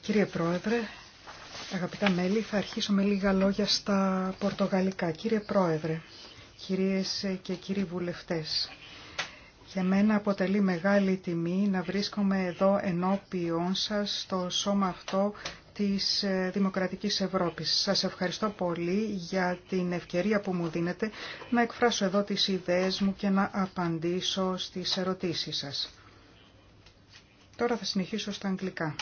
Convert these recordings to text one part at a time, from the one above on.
Κύριε Πρόεδρε, αγαπητά μέλη, θα αρχίσω με λίγα λόγια στα πορτογαλικά. Κύριε Πρόεδρε, κυρίες και κύριοι βουλευτές, για μένα αποτελεί μεγάλη τιμή να βρίσκομαι εδώ ενώπιον σας στο σώμα αυτό της Δημοκρατικής Ευρώπης. Σας ευχαριστώ πολύ για την ευκαιρία που μου δίνετε να εκφράσω εδώ τις ιδέες μου και να απαντήσω στις ερωτήσεις σας. Τώρα θα συνεχίσω στα αγγλικά.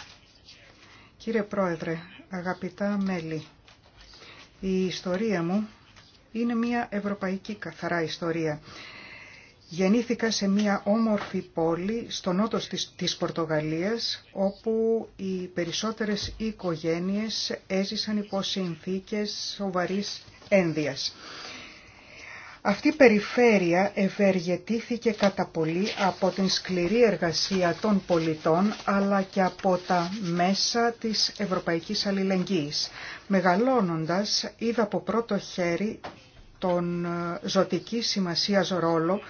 Κύριε Πρόεδρε, αγαπητά μέλη, η ιστορία μου είναι μια ευρωπαϊκή καθαρά ιστορία. Γεννήθηκα σε μια όμορφη πόλη στο νότο της Πορτογαλίας, όπου οι περισσότερες οικογένειες έζησαν υπό συνθήκες σοβαρής ένδυας. Αυτή η περιφέρεια ευεργετήθηκε κατά πολύ από την σκληρή εργασία των πολιτών αλλά και από τα μέσα της Ευρωπαϊκής Αλληλεγγύης. Μεγαλώνοντας είδα από πρώτο χέρι τον ε, ζωτική σημασία ρόλο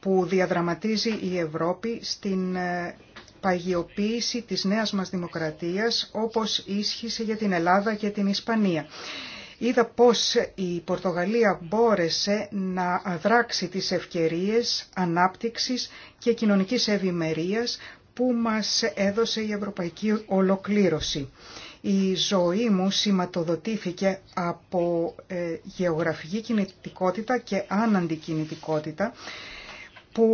που διαδραματίζει η Ευρώπη στην ε, παγιοποίηση της νέας μας δημοκρατίας όπως ίσχυσε για την Ελλάδα και την Ισπανία. Είδα πώς η Πορτογαλία μπόρεσε να αδράξει τις ευκαιρίες ανάπτυξης και κοινωνικής ευημερίας που μας έδωσε η ευρωπαϊκή ολοκλήρωση. Η ζωή μου σηματοδοτήθηκε από ε, γεωγραφική κινητικότητα και άναντι κινητικότητα που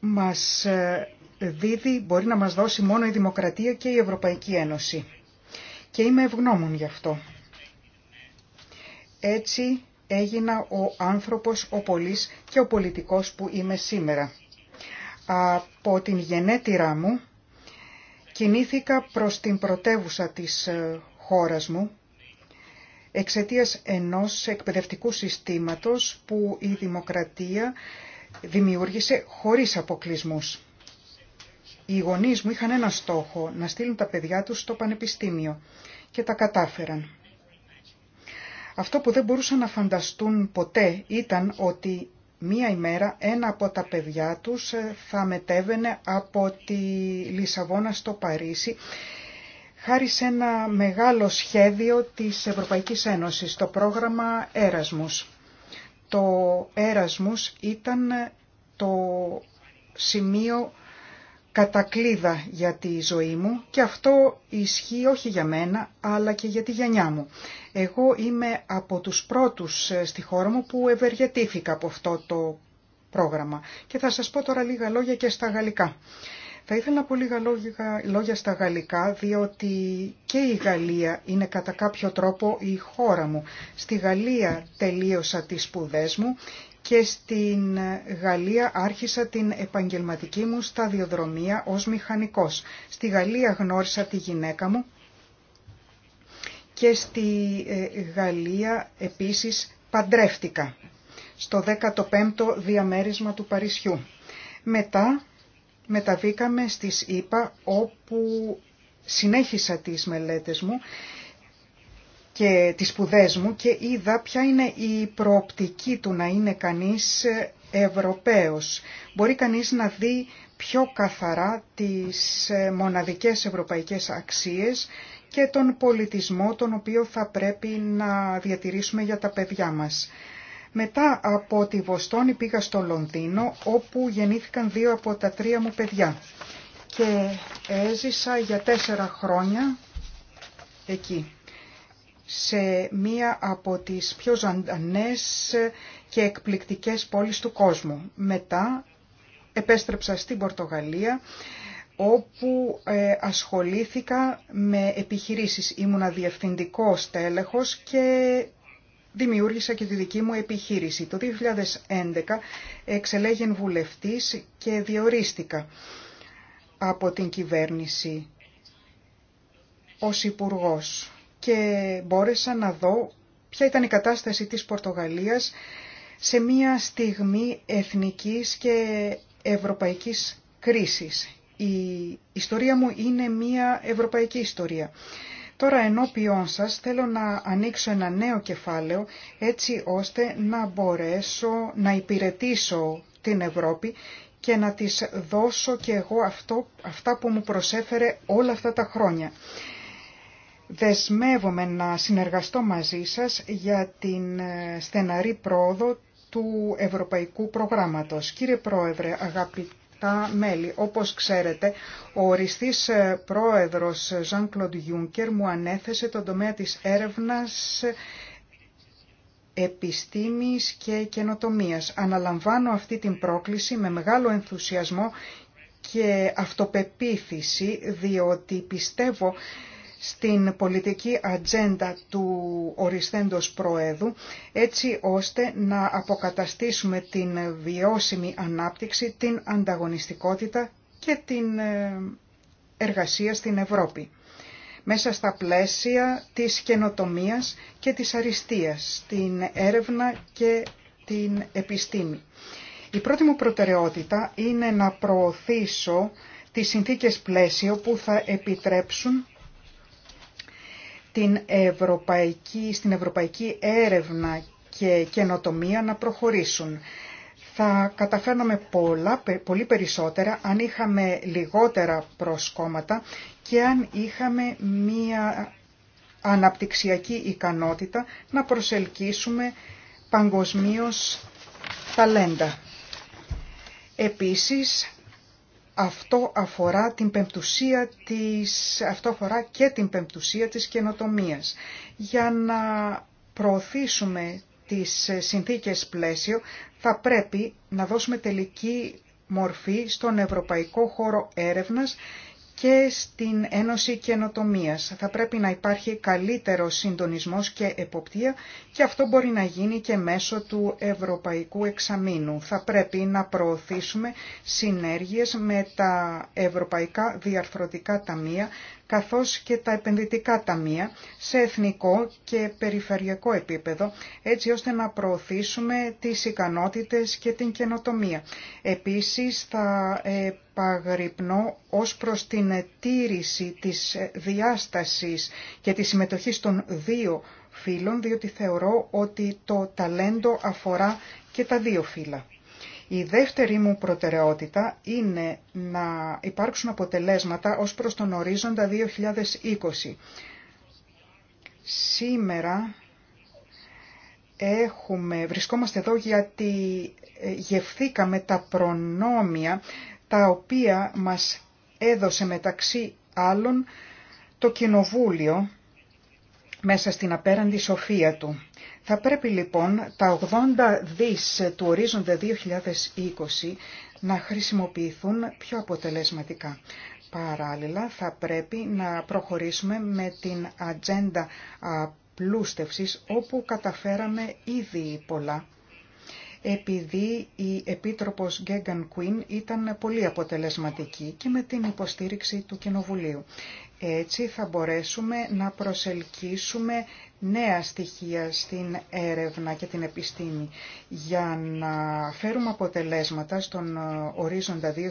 μας ε, δίδει, μπορεί να μας δώσει μόνο η Δημοκρατία και η Ευρωπαϊκή Ένωση. Και είμαι ευγνώμων γι' αυτό. Έτσι έγινα ο άνθρωπος, ο πολίς και ο πολιτικός που είμαι σήμερα. Από την γενέτειρά μου κινήθηκα προς την πρωτεύουσα της ε, χώρας μου εξαιτίας ενός εκπαιδευτικού συστήματος που η δημοκρατία δημιούργησε χωρίς αποκλεισμούς. Οι γονείς μου είχαν ένα στόχο, να στείλουν τα παιδιά τους στο πανεπιστήμιο και τα κατάφεραν. Αυτό που δεν μπορούσαν να φανταστούν ποτέ ήταν ότι μία ημέρα ένα από τα παιδιά τους ε, θα μετέβαινε από τη Λισαβόνα στο Παρίσι χάρη σε ένα μεγάλο σχέδιο της Ευρωπαϊκής Ένωσης, το πρόγραμμα Έρασμους. Το Έρασμους ήταν το σημείο κατακλίδα για τη ζωή μου και αυτό ισχύει όχι για μένα αλλά και για τη γενιά μου. Εγώ είμαι από τους πρώτους ε, στη χώρα μου που ευεργετήθηκα από αυτό το πρόγραμμα και θα σας πω τώρα λίγα λόγια και στα γαλλικά. Θα ήθελα να πω λίγα λόγια στα γαλλικά, διότι και η Γαλλία είναι κατά κάποιο τρόπο η χώρα μου. Στη Γαλλία τελείωσα τις σπουδές μου και στην Γαλλία άρχισα την επαγγελματική μου σταδιοδρομία ως μηχανικός. Στη Γαλλία γνώρισα τη γυναίκα μου και στη ε, Γαλλία επίσης παντρεύτηκα στο 15ο διαμέρισμα του Παρισιού. Μετά μεταβήκαμε στις ΗΠΑ όπου συνέχισα τις μελέτες μου και τις σπουδέ μου και είδα ποια είναι η προοπτική του να είναι κανείς Ευρωπαίος. Μπορεί κανείς να δει πιο καθαρά τις ε, μοναδικές ευρωπαϊκές αξίες και τον πολιτισμό τον οποίο θα πρέπει να διατηρήσουμε για τα παιδιά μας. Μετά από τη Βοστόνη πήγα στο Λονδίνο όπου γεννήθηκαν δύο από τα τρία μου παιδιά και έζησα για τέσσερα χρόνια εκεί σε μία από τις πιο ζωντανές και εκπληκτικές πόλεις του κόσμου. Μετά επέστρεψα στην Πορτογαλία όπου ε, ασχολήθηκα με επιχειρήσεις. Ήμουνα διευθυντικό στέλεχος και δημιούργησα και τη δική μου επιχείρηση. Το 2011 εξελέγεν βουλευτής και διορίστηκα από την κυβέρνηση ως υπουργός και μπόρεσα να δω ποια ήταν η κατάσταση της Πορτογαλίας σε μια στιγμή εθνικής και ευρωπαϊκής κρίσης. Η ιστορία μου είναι μια ευρωπαϊκή ιστορία. Τώρα ενώπιόν σας θέλω να ανοίξω ένα νέο κεφάλαιο έτσι ώστε να μπορέσω να υπηρετήσω την Ευρώπη και να της δώσω και εγώ αυτό, αυτά που μου προσέφερε όλα αυτά τα χρόνια δεσμεύομαι να συνεργαστώ μαζί σας για την ε, στεναρή πρόοδο του Ευρωπαϊκού Προγράμματος. Κύριε Πρόεδρε, αγαπητά μέλη, όπως ξέρετε, ο οριστής Ζαν ε, Κλοντ ε, Juncker μου ανέθεσε τον τομέα της έρευνας επιστήμης και καινοτομίας. Αναλαμβάνω αυτή την πρόκληση με μεγάλο ενθουσιασμό και αυτοπεποίθηση, διότι πιστεύω στην πολιτική ατζέντα του οριστέντος Προέδου, έτσι ώστε να αποκαταστήσουμε την βιώσιμη ανάπτυξη, την ανταγωνιστικότητα και την ε, εργασία στην Ευρώπη μέσα στα πλαίσια της καινοτομίας και της αριστείας, την έρευνα και την επιστήμη. Η πρώτη μου προτεραιότητα είναι να προωθήσω τις συνθήκες πλαίσιο που θα επιτρέψουν την ευρωπαϊκή, στην ευρωπαϊκή έρευνα και καινοτομία να προχωρήσουν. Θα καταφέρναμε πολλά, πολύ περισσότερα αν είχαμε λιγότερα προσκόμματα και αν είχαμε μία αναπτυξιακή ικανότητα να προσελκύσουμε παγκοσμίως ταλέντα. Επίσης, αυτό αφορά, την πεμπτουσία της, αυτό αφορά και την πεμπτουσία της καινοτομίας. Για να προωθήσουμε τις συνθήκες πλαίσιο θα πρέπει να δώσουμε τελική μορφή στον Ευρωπαϊκό Χώρο Έρευνας και στην Ένωση καινοτομία. Θα πρέπει να υπάρχει καλύτερο συντονισμός και εποπτεία και αυτό μπορεί να γίνει και μέσω του Ευρωπαϊκού Εξαμήνου. Θα πρέπει να προωθήσουμε συνέργειες με τα Ευρωπαϊκά Διαρθρωτικά Ταμεία καθώς και τα επενδυτικά ταμεία σε εθνικό και περιφερειακό επίπεδο, έτσι ώστε να προωθήσουμε τις ικανότητες και την καινοτομία. Επίσης, θα ε, επαγρυπνώ ως προς την τήρηση της διάστασης και τη συμμετοχή των δύο φύλων, διότι θεωρώ ότι το ταλέντο αφορά και τα δύο φύλλα. Η δεύτερη μου προτεραιότητα είναι να υπάρξουν αποτελέσματα ως προς τον ορίζοντα 2020. Σήμερα έχουμε, βρισκόμαστε εδώ γιατί ε, γευθήκαμε τα προνόμια τα οποία μας έδωσε μεταξύ άλλων το Κοινοβούλιο μέσα στην απέραντη σοφία του. Θα πρέπει λοιπόν τα 80 δις του ορίζοντα 2020 να χρησιμοποιηθούν πιο αποτελεσματικά. Παράλληλα θα πρέπει να προχωρήσουμε με την ατζέντα πλούστευσης όπου καταφέραμε ήδη πολλά επειδή η Επίτροπος Γκέγκαν Κουίν ήταν πολύ αποτελεσματική και με την υποστήριξη του Κοινοβουλίου. Έτσι θα μπορέσουμε να προσελκύσουμε νέα στοιχεία στην έρευνα και την επιστήμη για να φέρουμε αποτελέσματα στον ορίζοντα 2020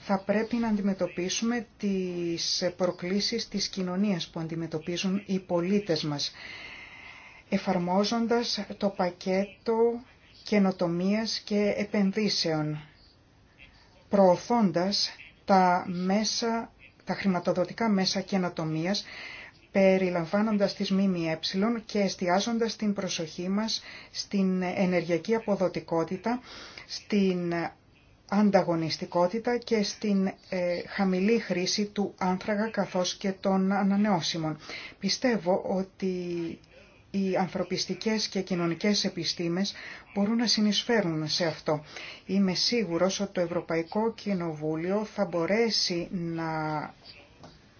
θα πρέπει να αντιμετωπίσουμε τις προκλήσεις της κοινωνίας που αντιμετωπίζουν οι πολίτες μας εφαρμόζοντας το πακέτο καινοτομίας και επενδύσεων, προωθώντας τα, μέσα, τα χρηματοδοτικά μέσα καινοτομίας, περιλαμβάνοντας τις ΜΜΕ και εστιάζοντας την προσοχή μας στην ενεργειακή αποδοτικότητα, στην ανταγωνιστικότητα και στην ε, χαμηλή χρήση του άνθραγα καθώς και των ανανεώσιμων. Πιστεύω ότι οι ανθρωπιστικές και κοινωνικές επιστήμες μπορούν να συνεισφέρουν σε αυτό. Είμαι σίγουρος ότι το Ευρωπαϊκό Κοινοβούλιο θα μπορέσει να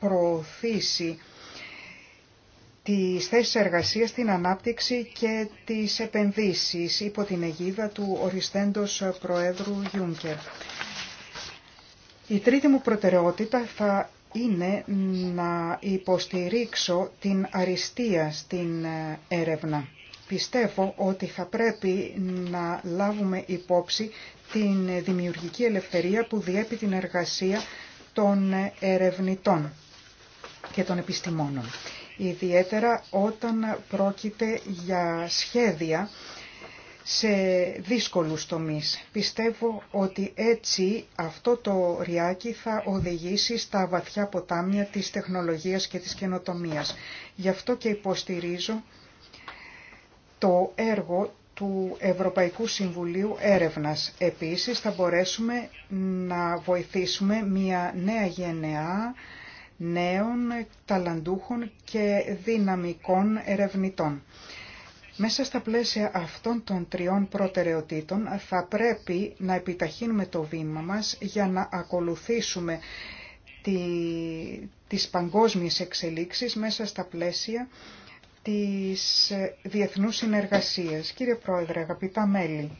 προωθήσει τις θέσεις εργασίας, την ανάπτυξη και τις επενδύσεις υπό την αιγίδα του οριστέντος Προέδρου Γιούνκερ. Η τρίτη μου προτεραιότητα θα είναι να υποστηρίξω την αριστεία στην ε, έρευνα. Πιστεύω ότι θα πρέπει να λάβουμε υπόψη την δημιουργική ελευθερία που διέπει την εργασία των ερευνητών και των επιστημόνων. Ιδιαίτερα όταν πρόκειται για σχέδια σε δύσκολους τομείς. Πιστεύω ότι έτσι αυτό το ριάκι θα οδηγήσει στα βαθιά ποτάμια της τεχνολογίας και της καινοτομίας. Γι' αυτό και υποστηρίζω το έργο του Ευρωπαϊκού Συμβουλίου Έρευνας. Επίσης θα μπορέσουμε να βοηθήσουμε μια νέα γενεά νέων ταλαντούχων και δυναμικών ερευνητών. Μέσα στα πλαίσια αυτών των τριών προτεραιοτήτων θα πρέπει να επιταχύνουμε το βήμα μας για να ακολουθήσουμε τη, τις παγκόσμιες εξελίξεις μέσα στα πλαίσια της διεθνούς συνεργασίας. Κύριε Πρόεδρε, αγαπητά μέλη,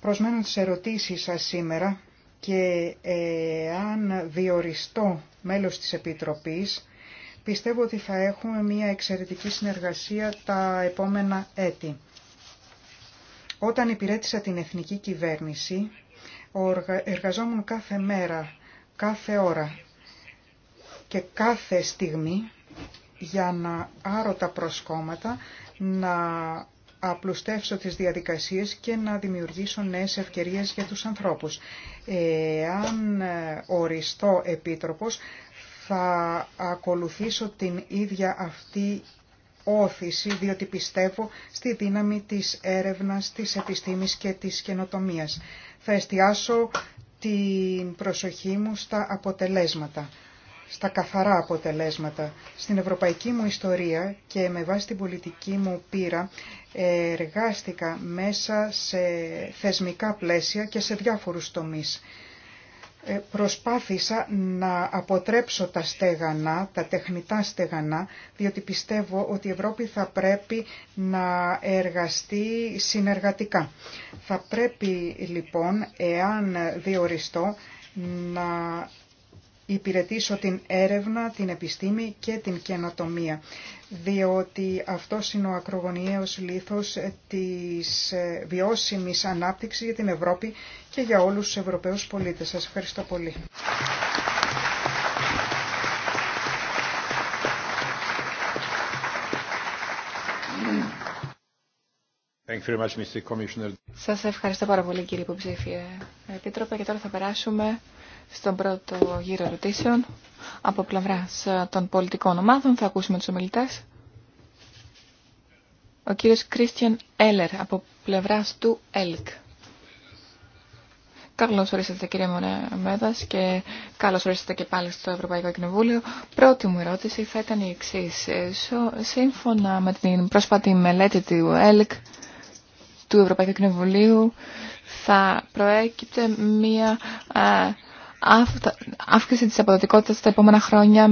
προσμένω τις ερωτήσεις σας σήμερα και αν διοριστώ μέλος της Επιτροπής Πιστεύω ότι θα έχουμε μια εξαιρετική συνεργασία τα επόμενα έτη. Όταν υπηρέτησα την εθνική κυβέρνηση, εργαζόμουν κάθε μέρα, κάθε ώρα και κάθε στιγμή για να άρω τα προσκόμματα, να απλουστεύσω τις διαδικασίες και να δημιουργήσω νέες ευκαιρίες για τους ανθρώπους. Εάν ε, οριστώ επίτροπος, θα ακολουθήσω την ίδια αυτή όθηση, διότι πιστεύω στη δύναμη της έρευνας, της επιστήμης και της καινοτομίας. Θα εστιάσω την προσοχή μου στα αποτελέσματα, στα καθαρά αποτελέσματα. Στην ευρωπαϊκή μου ιστορία και με βάση την πολιτική μου πείρα εργάστηκα μέσα σε θεσμικά πλαίσια και σε διάφορους τομείς. Ε, προσπάθησα να αποτρέψω τα στέγανα, τα τεχνητά στέγανα, διότι πιστεύω ότι η Ευρώπη θα πρέπει να εργαστεί συνεργατικά. Θα πρέπει λοιπόν, εάν διοριστώ, να υπηρετήσω την έρευνα, την επιστήμη και την καινοτομία, διότι αυτό είναι ο ακρογωνιαίος λίθος της ε, βιώσιμης ανάπτυξης για την Ευρώπη και για όλους τους Ευρωπαίους πολίτες. Σας ευχαριστώ πολύ. ευχαριστώ πάρα πολύ κύριε Επίτροπε και τώρα θα περάσουμε στον πρώτο γύρο ερωτήσεων από πλευρά ε, των πολιτικών ομάδων. Θα ακούσουμε τους ομιλητές. Ο κύριος Κρίστιαν Έλερ από πλευράς του ΕΛΚ. Καλώς ορίσατε κύριε Μέδας και καλώς ορίσατε και πάλι στο Ευρωπαϊκό Κοινοβούλιο. Πρώτη μου ερώτηση θα ήταν η εξή. Ε, σύμφωνα με την πρόσφατη μελέτη του ΕΛΚ, του Ευρωπαϊκού Κοινοβουλίου, θα προέκυπτε μία αύξηση της αποδοτικότητας τα επόμενα χρόνια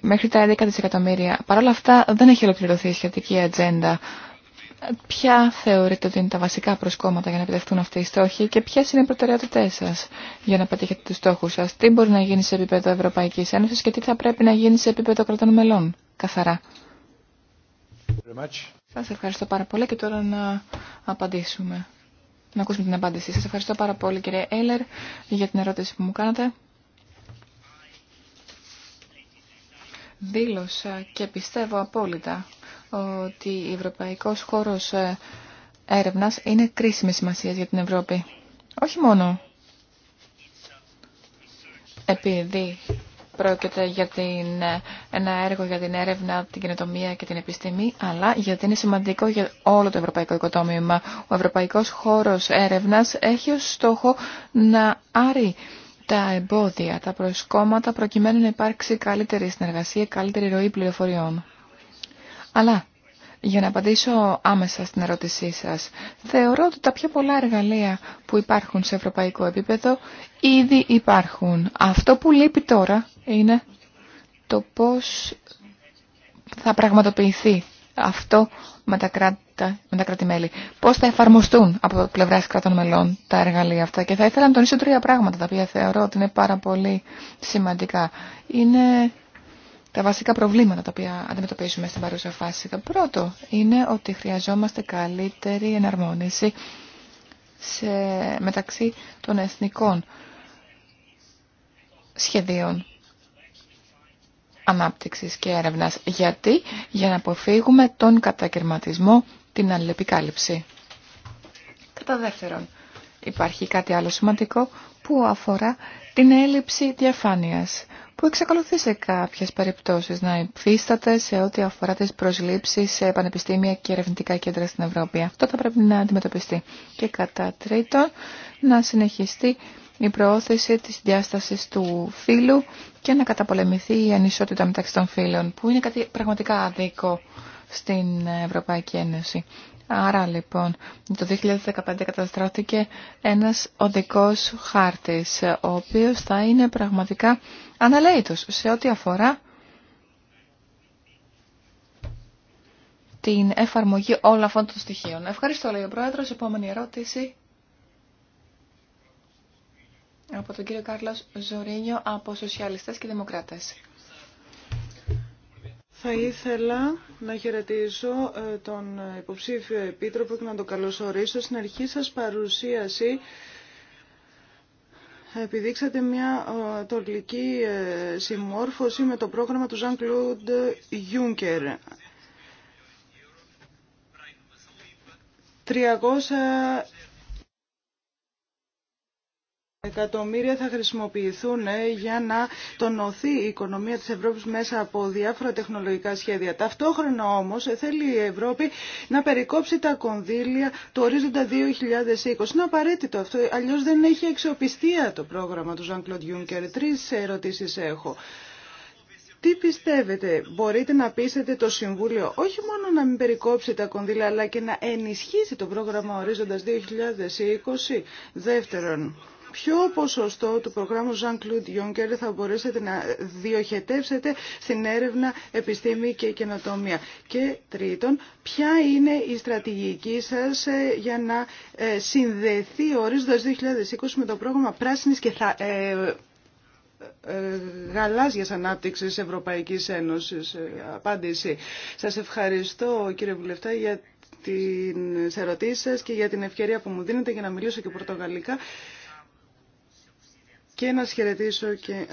μέχρι τα 11 δισεκατομμύρια. Παρ' όλα αυτά δεν έχει ολοκληρωθεί η σχετική ατζέντα. Ποια θεωρείτε ότι είναι τα βασικά προσκόμματα για να επιτευχθούν αυτοί οι στόχοι και ποιε είναι οι προτεραιότητέ σα για να πετύχετε του στόχου σα, τι μπορεί να γίνει σε επίπεδο Ευρωπαϊκή Ένωση και τι θα πρέπει να γίνει σε επίπεδο κρατών μελών, καθαρά. Σα ευχαριστώ πάρα πολύ και τώρα να απαντήσουμε να ακούσουμε την απάντησή σας. Ευχαριστώ πάρα πολύ κύριε Έιλερ για την ερώτηση που μου κάνατε. Δήλωσα και πιστεύω απόλυτα ότι ο ευρωπαϊκός χώρος ε, έρευνας είναι κρίσιμη σημασία για την Ευρώπη. Όχι μόνο επειδή Πρόκειται για την, ένα έργο για την έρευνα, την κοινοτομία και την επιστήμη, αλλά γιατί είναι σημαντικό για όλο το ευρωπαϊκό οικοτόμημα. Ο ευρωπαϊκός χώρος έρευνας έχει ως στόχο να άρει τα εμπόδια, τα προσκόμματα, προκειμένου να υπάρξει καλύτερη συνεργασία, καλύτερη ροή πληροφοριών. Αλλά, για να απαντήσω άμεσα στην ερώτησή σας, θεωρώ ότι τα πιο πολλά εργαλεία που υπάρχουν σε ευρωπαϊκό επίπεδο ήδη υπάρχουν. Αυτό που λείπει τώρα είναι το πώς θα πραγματοποιηθεί αυτό με τα, κράτα, με τα κράτη-μέλη. Πώς θα εφαρμοστούν από πλευράς κρατών μελών τα εργαλεία αυτά. Και θα ήθελα να τονίσω τρία πράγματα, τα οποία θεωρώ ότι είναι πάρα πολύ σημαντικά. Είναι τα βασικά προβλήματα τα οποία αντιμετωπίζουμε στην παρούσα φάση. Το πρώτο είναι ότι χρειαζόμαστε καλύτερη εναρμόνιση μεταξύ των εθνικών σχεδίων ανάπτυξης και έρευνας. Γιατί? Για να αποφύγουμε τον κατακαιρματισμό, την αλληλεπικάλυψη. Κατά δεύτερον, υπάρχει κάτι άλλο σημαντικό που αφορά την έλλειψη διαφάνειας, που εξακολουθεί σε κάποιες περιπτώσεις να υφίσταται σε ό,τι αφορά τις προσλήψεις σε πανεπιστήμια και ερευνητικά κέντρα στην Ευρώπη. Αυτό θα πρέπει να αντιμετωπιστεί. Και κατά τρίτον, να συνεχιστεί η προώθηση της διάστασης του φίλου και να καταπολεμηθεί η ανισότητα μεταξύ των φίλων που είναι κάτι πραγματικά αδίκο στην Ευρωπαϊκή Ένωση. Άρα λοιπόν, το 2015 καταστράφηκε ένας οδικός χάρτης, ο οποίος θα είναι πραγματικά αναλέητος σε ό,τι αφορά την εφαρμογή όλων αυτών των στοιχείων. Ευχαριστώ, λέει ο Πρόεδρος. Επόμενη ερώτηση από τον κύριο Κάρλος Ζωρίνιο από σοσιαλιστέ και Δημοκράτε. Θα ήθελα να χαιρετήσω ε, τον υποψήφιο επίτροπο και να τον καλωσορίσω στην αρχή σας παρουσίαση επιδείξατε μια ε, τολική ε, συμμόρφωση με το πρόγραμμα του Jean-Claude Juncker. 300 εκατομμύρια θα χρησιμοποιηθούν ε, για να τονωθεί η οικονομία της Ευρώπης μέσα από διάφορα τεχνολογικά σχέδια. Ταυτόχρονα όμως ε, θέλει η Ευρώπη να περικόψει τα κονδύλια του ορίζοντα 2020. Είναι απαραίτητο αυτό, αλλιώς δεν έχει αξιοπιστία το πρόγραμμα του Ζαν κλοντ Juncker. Τρεις ερωτήσεις έχω. Τι πιστεύετε, μπορείτε να πείσετε το Συμβούλιο όχι μόνο να μην περικόψει τα κονδύλια αλλά και να ενισχύσει το πρόγραμμα ορίζοντας 2020. Δεύτερον, ποιο ποσοστό του προγραμμου jean Jean-Claude Juncker θα μπορέσετε να διοχετεύσετε στην έρευνα, επιστήμη και καινοτομία. Και τρίτον, ποια είναι η στρατηγική σας ε, για να ε, συνδεθεί ο ορίζοντας 2020 με το πρόγραμμα πράσινης και θα, ε, ε γαλάζιας ανάπτυξης Ευρωπαϊκής Ένωσης. Απάντηση. Σας ευχαριστώ κύριε Βουλευτά για τις ερωτήσεις σας και για την ευκαιρία που μου δίνετε για να μιλήσω και πορτογαλικά και να σας χαιρετήσω και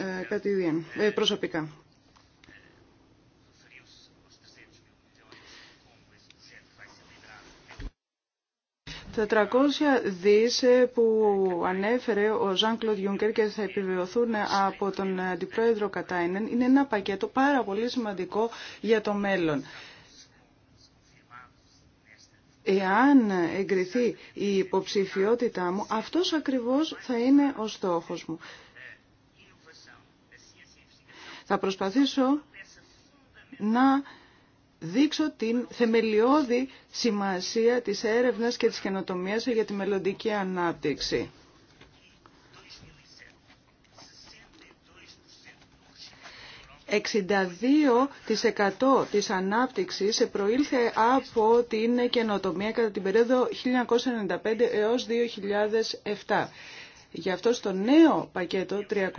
ε, ε προσωπικά. Τα 300 δις ε, που ανέφερε ο Ζαν Κλοντ και θα επιβεβαιωθούν από τον Αντιπρόεδρο Κατάινεν είναι ένα πακέτο πάρα πολύ σημαντικό για το μέλλον. Εάν εγκριθεί η υποψηφιότητά μου, αυτός ακριβώς θα είναι ο στόχος μου. Θα προσπαθήσω να δείξω την θεμελιώδη σημασία της έρευνας και της καινοτομίας για τη μελλοντική ανάπτυξη. 62% της ανάπτυξης προήλθε από την καινοτομία κατά την περίοδο 1995 έως 2007. Γι' αυτό στο νέο πακέτο 300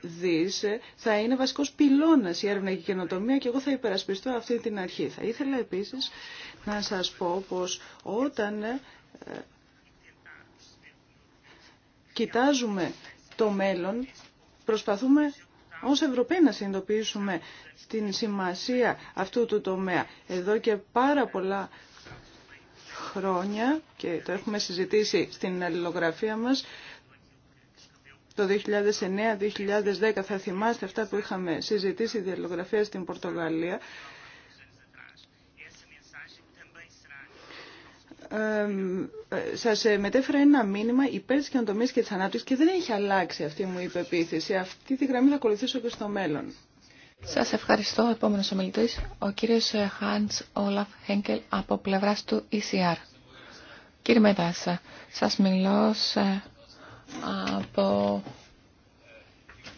δις θα είναι βασικός πυλώνας η έρευνα και η καινοτομία και εγώ θα υπερασπιστώ αυτή την αρχή. Θα ήθελα επίσης να σας πω πως όταν ε, κοιτάζουμε το μέλλον προσπαθούμε ως Ευρωπαίοι να συνειδητοποιήσουμε την σημασία αυτού του τομέα. Εδώ και πάρα πολλά χρόνια, και το έχουμε συζητήσει στην αλληλογραφία μας, το 2009-2010 θα θυμάστε αυτά που είχαμε συζητήσει η διαλογραφία στην Πορτογαλία Ε, σας ε, μετέφερα ένα μήνυμα υπέρ της καινοτομίας και της ανάπτυξης και δεν έχει αλλάξει αυτή μου η πεποίθηση. Αυτή τη γραμμή θα ακολουθήσω και στο μέλλον. Σας ευχαριστώ. Επόμενος ομιλητής, ο κύριος ε, Hans Olaf Henkel από πλευράς του ECR. Κύριε Μετάσα, σας μιλώ από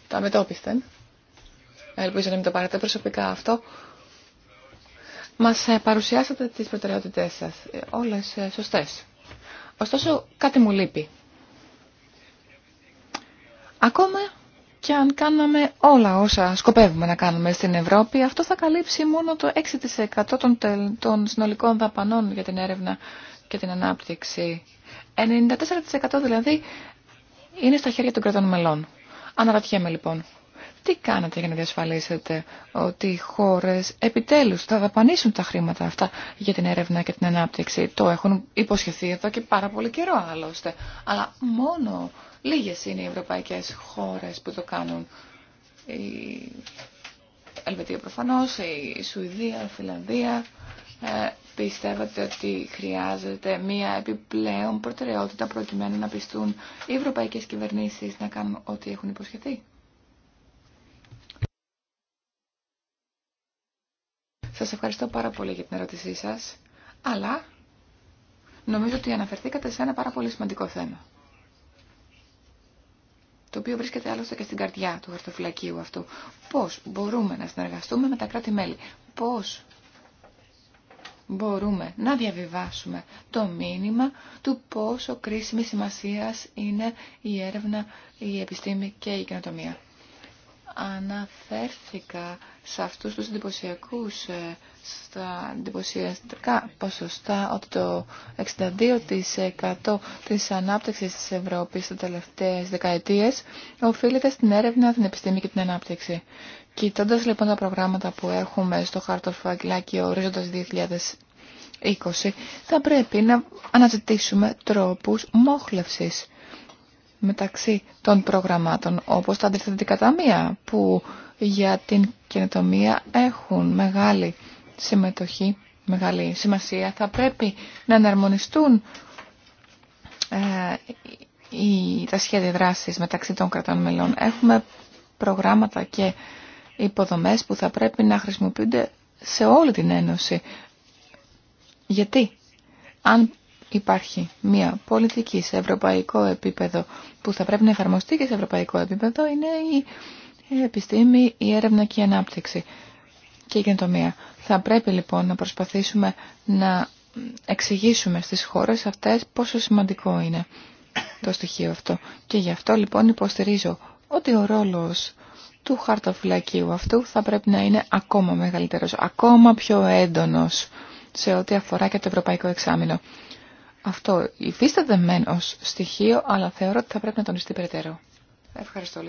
τα μετόπισθεν. Ελπίζω να μην το πάρετε προσωπικά αυτό. Μας ε, παρουσιάσατε τις προτεραιότητές σας, ε, όλες ε, σωστές. Ωστόσο, κάτι μου λείπει. Ακόμα και αν κάναμε όλα όσα σκοπεύουμε να κάνουμε στην Ευρώπη, αυτό θα καλύψει μόνο το 6% των, συνολικών δαπανών για την έρευνα και την ανάπτυξη. 94% δηλαδή είναι στα χέρια των κρατών μελών. Αναρωτιέμαι λοιπόν. Τι κάνατε για να διασφαλίσετε ότι οι χώρες επιτέλους θα δαπανίσουν τα χρήματα αυτά για την έρευνα και την ανάπτυξη. Το έχουν υποσχεθεί εδώ και πάρα πολύ καιρό άλλωστε. Αλλά μόνο λίγες είναι οι ευρωπαϊκές χώρες που το κάνουν. Η Ελβετία προφανώς, η Σουηδία, η Φιλανδία. Ε, πιστεύετε ότι χρειάζεται μία επιπλέον προτεραιότητα προκειμένου να πιστούν οι ευρωπαϊκές κυβερνήσεις να κάνουν ό,τι έχουν υποσχεθεί. Σας ευχαριστώ πάρα πολύ για την ερώτησή σας, αλλά νομίζω ότι αναφερθήκατε σε ένα πάρα πολύ σημαντικό θέμα, το οποίο βρίσκεται άλλωστε και στην καρδιά του χαρτοφυλακίου αυτού. Πώς μπορούμε να συνεργαστούμε με τα κράτη-μέλη, πώς μπορούμε να διαβιβάσουμε το μήνυμα του πόσο κρίσιμη σημασίας είναι η έρευνα, η επιστήμη και η κοινοτομία αναφέρθηκα σε αυτούς τους εντυπωσιακού ε, στα εντυπωσιακά ποσοστά ότι το 62% της ανάπτυξης της Ευρώπης στις τελευταίες δεκαετίες οφείλεται στην έρευνα, την επιστήμη και την ανάπτυξη. Κοιτώντας λοιπόν τα προγράμματα που έχουμε στο χαρτοφαγγλάκιο ορίζοντας 2020, θα πρέπει να αναζητήσουμε τρόπους μόχλευσης μεταξύ των προγραμμάτων, όπως τα αντιθετικά ταμεία, που για την καινοτομία έχουν μεγάλη συμμετοχή, μεγάλη σημασία. Θα πρέπει να εναρμονιστούν ε, τα σχέδια δράσης μεταξύ των κρατών μελών. Έχουμε προγράμματα και υποδομές που θα πρέπει να χρησιμοποιούνται σε όλη την Ένωση. Γιατί αν υπάρχει μια πολιτική σε ευρωπαϊκό επίπεδο που θα πρέπει να εφαρμοστεί και σε ευρωπαϊκό επίπεδο είναι η επιστήμη, η έρευνα και η ανάπτυξη και η καινοτομία. Θα πρέπει λοιπόν να προσπαθήσουμε να εξηγήσουμε στις χώρες αυτές πόσο σημαντικό είναι το στοιχείο αυτό. Και γι' αυτό λοιπόν υποστηρίζω ότι ο ρόλος του χαρτοφυλακίου αυτού θα πρέπει να είναι ακόμα μεγαλύτερος, ακόμα πιο έντονος σε ό,τι αφορά και το ευρωπαϊκό εξάμεινο. Αυτό υφίσταται μεν ως στοιχείο, αλλά θεωρώ ότι θα πρέπει να τονιστεί περαιτέρω. Ευχαριστώ.